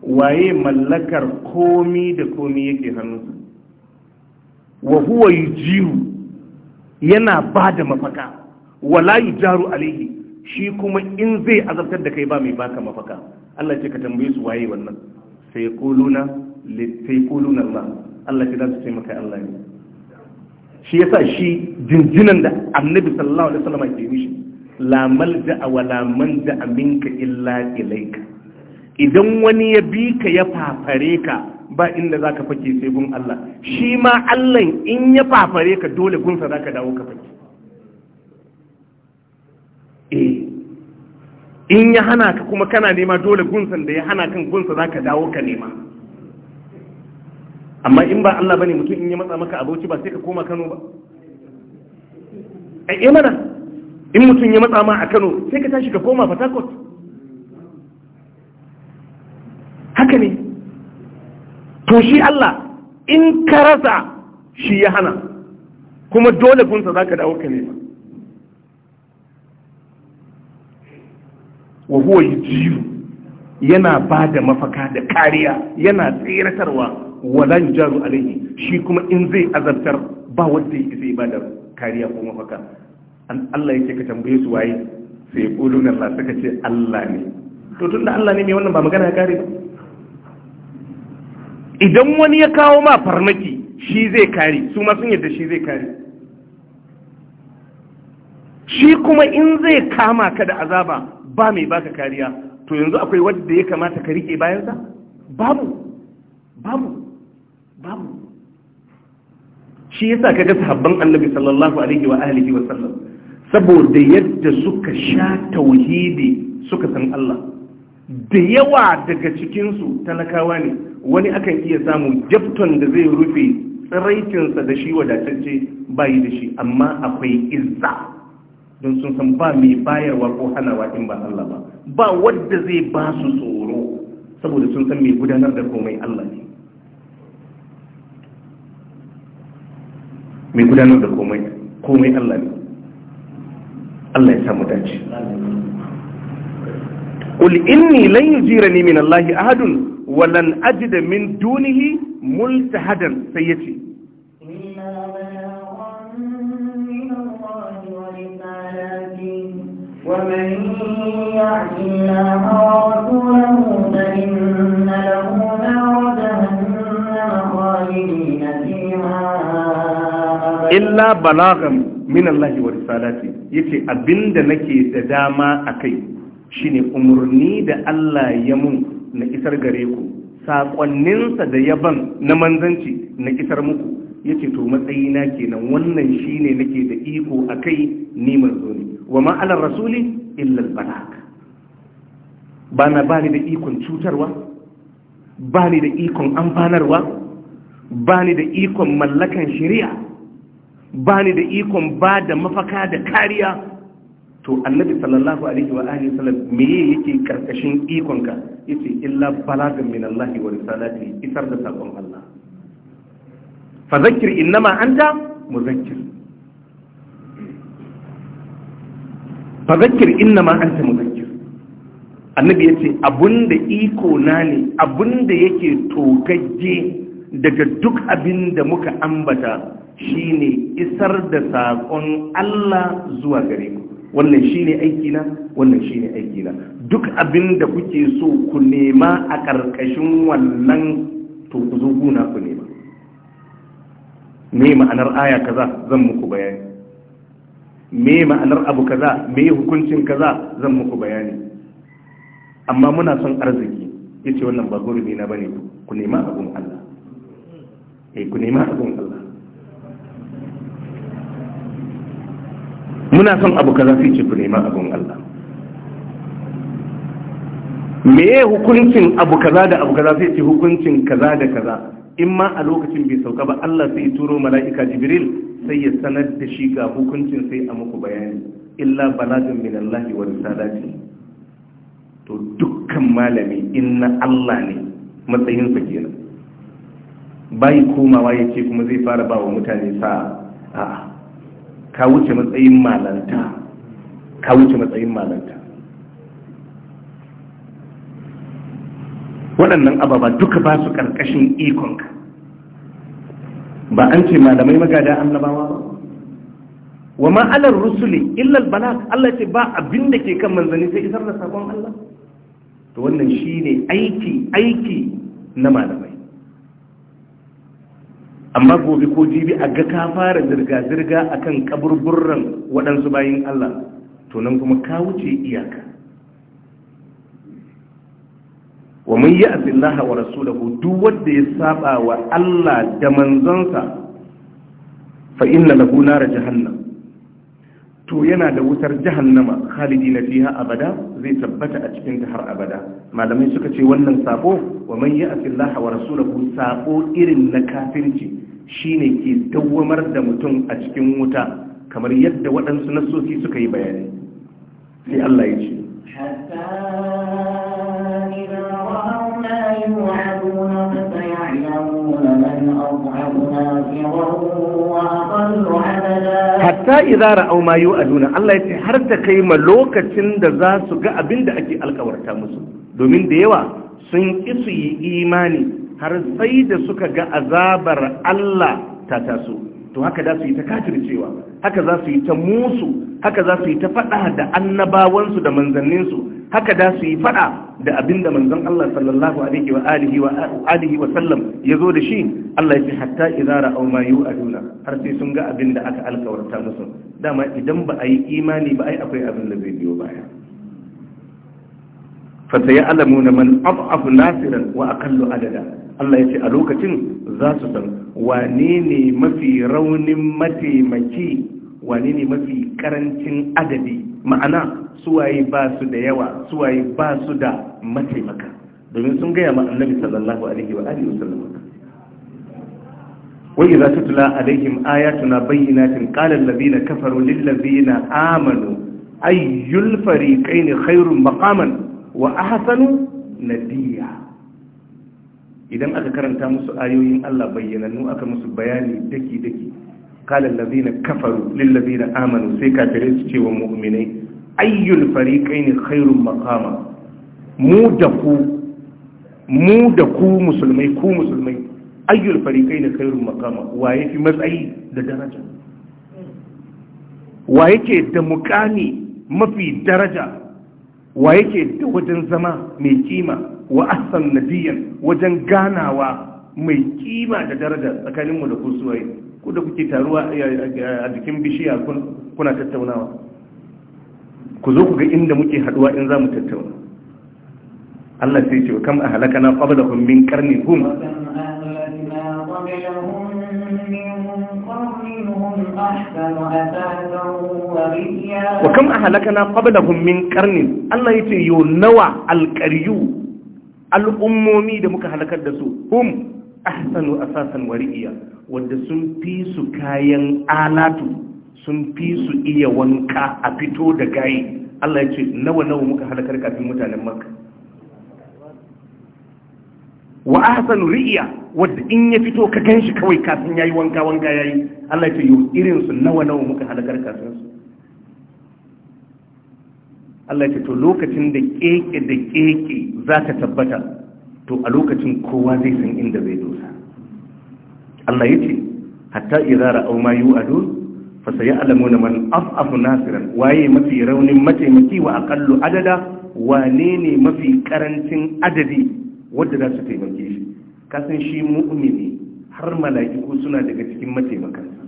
waye mallakar komi da komi yake hannunsa wa huwa yujiru yana ba da mafaka wala yujaru alaihi shi kuma in zai azabtar da kai ba mai baka mafaka Allah ya ce ka tambaye su waye wannan sai kuluna sai kuluna Allah Allah ce za su ce maka Allah ne shi yasa shi jinjinan da annabi sallallahu alaihi wasallam ke mishi la malja wa la manja minka illa ilaika idan wani ya bi ka ya fafare ka ba inda zaka fake sai gun Allah shi ma Allah in ya fafare ka dole gun sa zaka dawo ka fake eh in ya hana ka kuma kana nema dole gun sa da ya hana kan gun sa zaka dawo ka nema amma in ba Allah bane mutum in ya matsa maka abauci ba sai ka koma Kano ba ai eh mana in mutum ya matsa ma a Kano sai ka tashi ka koma Port haka ne to shi Allah in ka rasa shi ya hana kuma dole kunsa za ka dawo ka nema wa huwa yana ba da mafaka da kariya yana tseratarwa wala yujaru alaihi shi kuma in zai azabtar ba wanda yake zai bada kariya ko mafaka an Allah yake ka tambaye su waye sai kuluna Allah suka ce Allah ne to tunda Allah ne mai wannan ba magana kare ba idan wani ya kawo ma farmaki shi zai kare su ma sun yadda shi zai kare shi kuma in zai kama ka da azaba ba mai baka kariya to yanzu akwai wanda ya kamata ka rike bayansa babu babu babu shi yasa kaga sahabban annabi sallallahu alaihi wa alihi wa sallam saboda yadda suka sha tauhidi suka san Allah da yawa daga su talakawa ne wani akan iya samu jabton da zai rufe tsiraicinsa da shi wadatacce bayi da shi amma akwai izza don sun san ba mai bayarwa ko hanawa in ba Allah ba ba wadda zai ba su tsoro saboda sun san mai gudanar da komai Allah ne mai gudanar da komai komai Allah ne Allah ya samu dace qul inni lan yujirani min Allah ahadun wa lan ajida min dunihi multahadan sai yace ومن يعص الله ورسوله فإن له نار جهنم خالدين illa balagan min Allah wa risalati yace abinda nake da dama akai shine umurni da Allah ya mun na isar gare ku sa da yaban na manzanci na isar muku yace to matsayina kenan wannan shine nake da iko akai ni manzo ne wa ma ala rasuli illa al balag bana bani da ikon cutarwa bani da ikon amfanarwa ba ni da ikon mallakan shari'a ba ni da ikon ba da mafaka da kariya to annabi sallallahu alaihi wa alihi sallam me yake karkashin ikonka yace illa balagan min Allah wa risalati isar da sakon Allah fa zakkir innama anta muzakkir fa zakkir innama anta muzakkir annabi yace abunda iko na ne abunda yake togajje. daga duk abin da muka ambata shine isar da saƙon Allah zuwa gare ku wannan shine aikina wannan shine aikina duk abin da kuke so ku nema a ƙarƙashin wannan to ku zo guna ku nema me ma'anar aya kaza zan muku bayani me ma'anar abu kaza me hukuncin kaza zan muku bayani amma muna son arziki yace wannan ba gurbi na bane ku nema abun Allah Eh, ku nema abin Allah muna son abu kaza sai ce ku nema abin Allah Me hukuncin abu kaza da abu kaza sai ce hukuncin kaza da kaza in ma a lokacin bai sauka ba Allah sai turo mala'ika Jibril sai ya sanar da shi ga hukuncin sai a muku bayani illa balagan min Allah wa risalati to dukkan malami inna Allah ne matsayinsa kenan bai komawa ya ce kuma zai fara ba wa mutane sa'a a'a ka wuce matsayin malanta ka wuce matsayin malanta waɗannan ababa duka ba su ƙarƙashin ikonka ba an ce malamai magada annabawa ba wa ma'alar rusuli illal bala Allah ce ba abin da ke kan manzanni sai isar da sakon Allah to wannan shine aiki aiki na malamai amma gobe ko jibi a ga ka fara zirga-zirga a kan kaburburran waɗansu bayan Allah to nan kuma ka wuce iyaka wa mun yi asillaha wa rasulahu duk wanda ya saba wa Allah da manzonsa fa inna lahu nara jahannam to yana da wutar jahannama khalidi na fiha abada zai tabbata a cikin ta har abada malamai suka ce wannan sabo wa man yi asillaha wa rasulahu sabo irin na kafirci Shi ne ke dawamar da mutum a cikin wuta kamar yadda waɗansu nassosi suka yi bayani sai Allah ya ce hatta izara au ma aduna Allah ya ce har ta kai ma lokacin da za su ga abin da ake alkawarta musu domin da yawa sun ƙi su yi imani har sai da suka ga azabar Allah ta taso to haka za su yi ta kafircewa haka za su yi ta musu haka za su yi ta faɗa da annabawansu da manzanninsu haka da su yi faɗa da abinda manzan Allah sallallahu alaihi wa alihi wa da shi Allah ya ce hatta idza ra'aw ma a'duna, har sai sun ga abinda aka alkawarta musu dama idan ba a yi imani ba ai akwai abin da zai biyo baya fa sayalamu man ad'afu nasiran wa aqallu adada Allah ya ce a lokacin za su san wane ne mafi raunin mataimaki wane ne mafi karancin adadi ma'ana suwaye ba su da yawa suwaye ba su da mataimaka domin sun gaya ma annabi sallallahu alaihi wa alihi wasallam wa idza tutla alaihim ayatuna bayyinatin qala alladhina kafaru lil ladhina amanu ayyul fariqayn khairun maqaman wa ahsanu nadiya idan aka karanta musu ayoyin Allah bayyanannu aka musu bayani daki daki qala allazina kafaru lil ladina amanu sai ka tare su ce wa mu'minai ayyul fariqaini khairum maqama mu da ku mu da ku musulmai ku musulmai ayyul fariqaini khairum maqama wa fi matsayi da daraja wa yake da mukami mafi daraja wa yake da wajen zama mai kima wa asan nabiyyan wajen ganawa mai kima da daraja tsakanin mu da ku suwaye ku da kuke taruwa a jikin bishiya kuna tattaunawa ku zo ku ga inda muke haduwa in za mu tattauna Allah sai ce kam a halaka na qablahum min qarnin hum wa kam ahlakana qablahum min qarnin Allah yace yo nawa alqariyu al'ummomi da muka halakar da su hum ahsanu asasan wari'iya wanda sun fi su kayan alatu sun fi su iya wanka a fito da gayi Allah ya ce nawa nawa muka halakar kafin mutanen makka wa ahsanu ri'iya wanda in ya fito ka ganshi kawai kafin yayi wanka wanka yayi Allah ya ce irin su nawa nawa muka halakar kafin su Allah ce to lokacin da keke da keke za ka tabbata to a lokacin kowa zai san inda zai dosa Allah ya ce hatta izara au ma yu'adun fa sayalamuna man af'afu nasiran waye mafi raunin mataimaki wa aqallu adada wane ne mafi karancin adadi wadda za su taimake shi kasan shi mu'mini har mala'iku suna daga cikin mataimakansa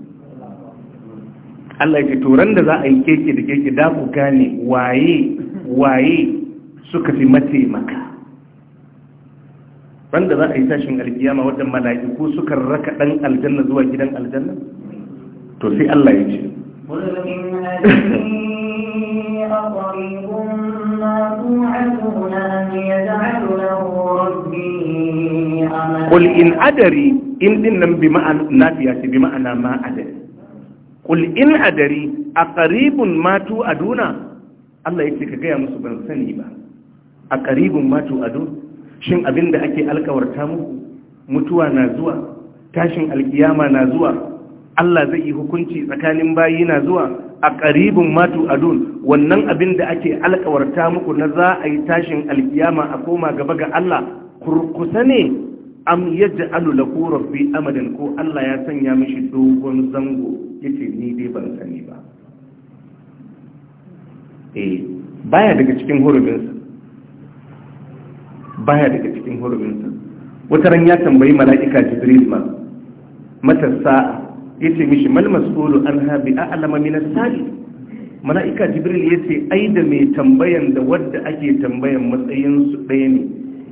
Allah ya turan da za a yi keke da keke da ku gane waye waye suka fi mace ran da za a yi tashin alkiyama wadda mala'iku suka raka dan aljanna zuwa gidan aljanna to sai Allah ya ce أقريب in adari in din nan bi ma'ana قل إن أدري إن إنم qul in a ƙaribin matu aduna Allah ce ka gaya musu ban sani ba ƙaribin matu adun shin abinda ake alkawarta mu mutuwa na zuwa tashin alkiyama na zuwa Allah zai yi hukunci tsakanin bayi na zuwa a ƙaribin matu adun wannan abin da ake alkawarta muku na za a yi tashin alkiyama a koma gaba ga Allah kurkusa ne am yadda lahu rabbi amadan ko Allah ya sanya mishi dogon zango yace ni dai ban sani ba eh baya daga cikin hurubinsa baya daga cikin hurubinsa wata ran ya tambayi mala'ika jibril ma mata sa'a yace mishi mal mas'ulu an bi a'lama min as-sali mala'ika jibril yace ai da mai tambayan da wanda ake tambayan matsayin su ɗaya ne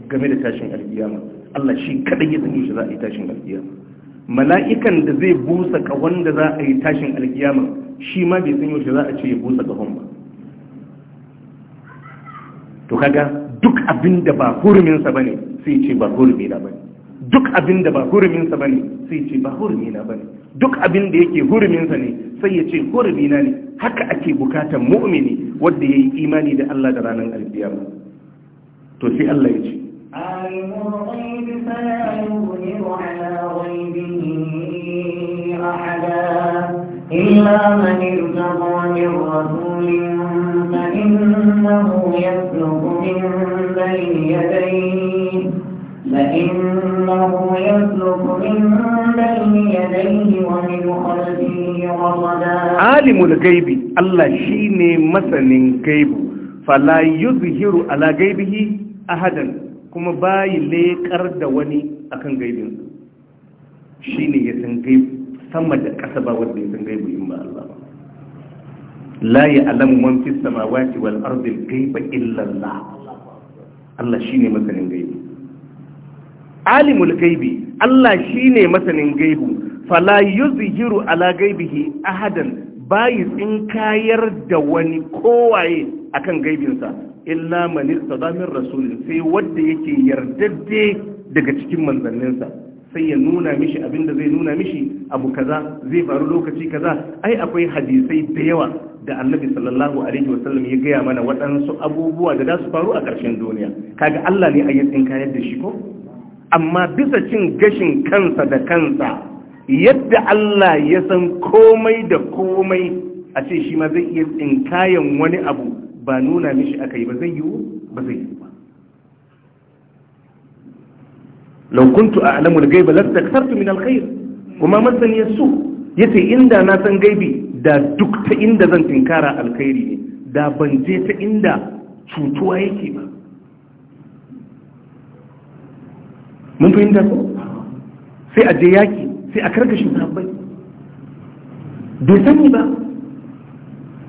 game da tashin alkiyama Allah shi kadai ya sani shi za a yi tashin alkiyama mala'ikan da zai busa ka wanda za a yi tashin alkiyama shi ma bai san shi za a ce ya busa kahon ba to kaga duk abin da ba huruminsa bane sai ce ba hurumi na bane duk abin da ba huruminsa bane sai ce ba hurumi na bane duk abin da yake huruminsa ne sai ya ce hurumi na ne haka ake bukatan mu'mini wanda yayi imani da Allah da ranar alkiyama to sai Allah ya ce عالم الغيب فلا يظهر على غيبه أحدا إلا من ارتضى من رسول فإنه يسلك من بين يديه فإنه يسلك من بين يديه ومن خلفه رصدا عالم الغيب الله شيني مثل غيب فلا يظهر على غيبه أحدا kuma bayi lekar da wani akan gaibin shi ne ya san gaibu sama da ƙasa ba wanda ya san gaibu in ba Allah ba la ya alamu man fi samawati wal ardi gaiba illa Allah Allah shine masanin gaibi. alimul gaibi Allah shine masanin gaibu fala yuzhiru ala gaibihi ahadan bayi tsinkayar da wani kowaye akan gaibinsa illa man istada min sai wanda yake yardadde daga cikin manzanninsa sai ya nuna mishi abinda zai nuna mishi abu kaza zai faru lokaci kaza ai akwai hadisai da yawa da annabi sallallahu alaihi wasallam ya gaya mana waɗansu abubuwa da za su faru a ƙarshen duniya kaga Allah ne ayyatin kayar da shi ko amma bisa cin gashin kansa da kansa yadda Allah ya san komai da komai a ce shi ma zai iya tsinkayen wani abu ba nuna mishi aka yi ba zai yiwu ba zai yiwu ba laukuntu kuntu a alamun gaiba lastaktartu min alkhair kuma masani yasu yace inda na san gaibi da duk ta inda zan tinkara alkhairi ne da ban je ta inda cutuwa yake ba mun fi fahimta ko sai a je yaki sai a karkashin sahabbai bai sani ba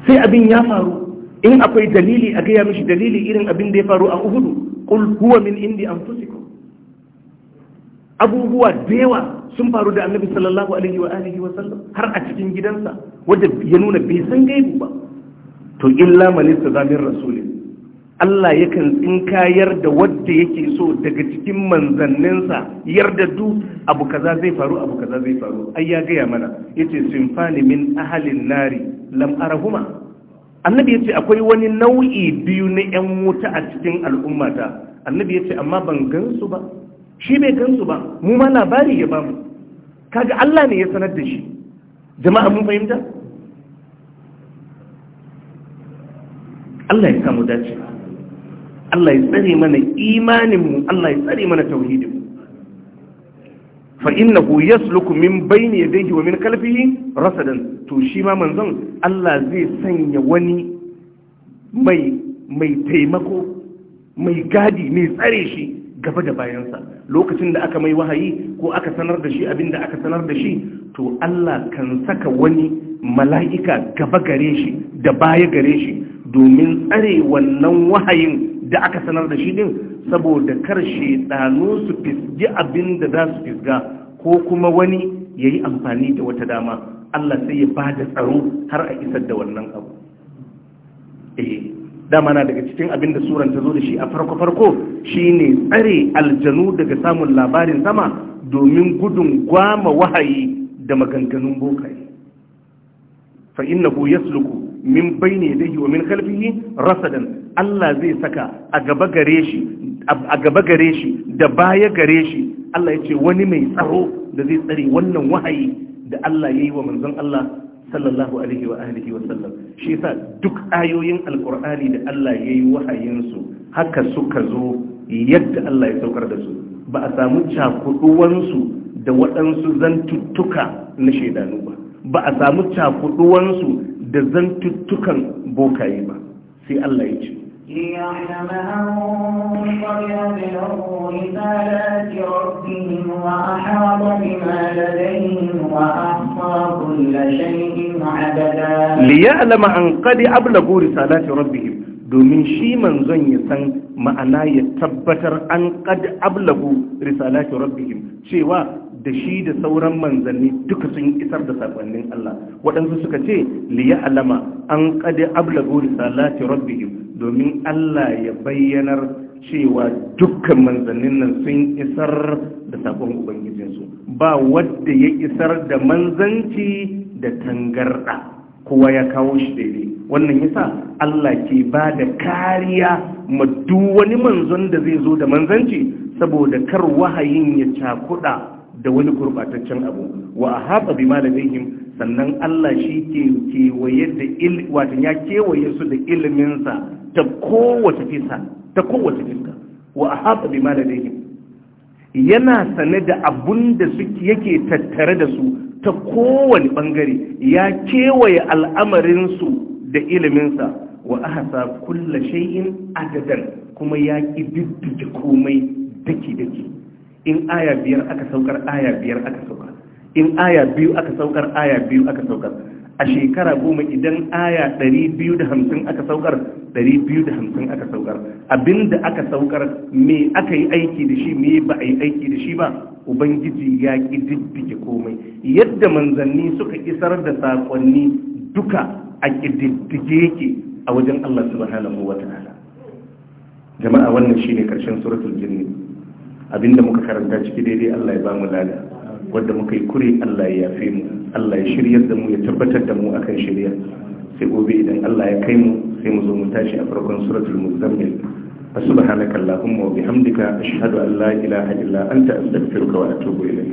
sai abin ya faru in akwai dalili a gaya mishi dalili irin abin da ya faru a uhudu kul huwa min indi anfusikum abubuwa da yawa sun faru da annabi sallallahu alaihi wa alihi wa sallam har a cikin gidansa wanda ya nuna bai san gaibu ba to illa man istazamin rasuli Allah yakan tsinkayar da wanda yake so daga cikin manzanninsa yarda du abu kaza zai faru abu kaza zai faru ai ya gaya mana yace sinfani min ahalin nari lam arahuma annabi ya ce akwai wani nau'i biyu na 'yan wuta a cikin al'ummata annabi ya ce amma ban gansu ba shi bai gansu ba mu ma labari ya bamu kaga Allah ne ya sanar da shi jama'a mun fahimta Allah ya samu dace Allah ya tsare mana imaninmu Allah ya tsare mana tauhidin fa innahu yasluku min bayni yadayhi wa min kalfihi rasadan to shi ma manzon Allah zai sanya wani mai mai taimako mai gadi mai tsare shi gaba da bayansa lokacin da aka mai wahayi ko aka sanar da shi abin da aka sanar da shi to Allah kan saka wani mala'ika gaba gare shi da baya gare shi domin tsare wannan wahayin da aka sanar da shi din saboda karshe dano su fisgi abin da za su fisga ko kuma wani ya yi amfani da wata dama Allah sai ya ba da tsaro har a isar da wannan abu eh dama na daga cikin abin da suran ta zo da shi a farko-farko shine tsare aljanu daga samun labarin sama domin gudun gwama wahayi da maganganun bokaye fa innahu yasluku min bayne yi wa min khalfihi rasadan Allah zai saka a gaba gare shi a gaba gare shi da baya gare shi Allah ya ce wani mai tsaro da zai tsare wannan wahayi da Allah yayi wa manzon Allah sallallahu alaihi wa alihi wa sallam shi yasa duk ayoyin alqur'ani da Allah yayi wahayin su haka suka zo yadda Allah ya saukar da su ba a samu cakuduwansu da waɗansu zantuttuka na shaidanu ba ba a samu cakuduwansu da zantuttukan bokaye ba sai Allah ya ce liya'lama an qad ablagu risalati rabbihim domin shi manzon ya san ma'ana ya tabbatar an qad ablagu risalati rabbihim cewa da shi da sauran manzanni duka sun isar da sakonnin Allah waɗansu suka ce liya alama an kade ablagu risalati rabbihim domin Allah ya bayyanar cewa dukkan manzannin nan sun isar da sakon su ba wanda ya isar da manzanci da tangarda kowa ya kawo shi daidai wannan yasa Allah ke ba da kariya ma duk wani manzon da zai zo da manzanci saboda kar wahayin ya cakuɗa da wani gurbataccen abu wa ahata bima ladaihim sannan Allah shi ke kewaye da il wato ya kewaye su da ilimin sa ta kowace fisa ta kowace fiska wa ahata bima ladaihim yana sane da abun da suke yake tattare da su ta kowane ɓangare, ya kewaye al'amarinsu da iliminsa sa wa ahasa kullu shay'in adadan kuma ya kididdige komai daki daki in aya biyar aka saukar aya biyar aka saukar in aya biyu aka saukar aya biyu aka saukar a shekara goma idan aya 250 aka saukar 250 aka saukar abinda aka saukar me aka yi aiki da shi me ba a yi aiki da shi ba ubangiji ya ƙididdige komai yadda manzanni suka isar da sakonni duka a ƙididdige yake a wajen Allah subhanahu wa ta'ala jama'a wannan shine karshen suratul jinni abinda muka karanta ciki daidai Allah ya bamu lada wanda muka yi kuri Allah ya yafe mu Allah ya shiryar da mu ya tabbatar da mu akan shirya sai gobe idan Allah ya kai mu sai mu zo mu tashi a farkon suratul muzammil subhanakallahumma wa bihamdika ashhadu an la ilaha illa anta astaghfiruka wa atubu ilayk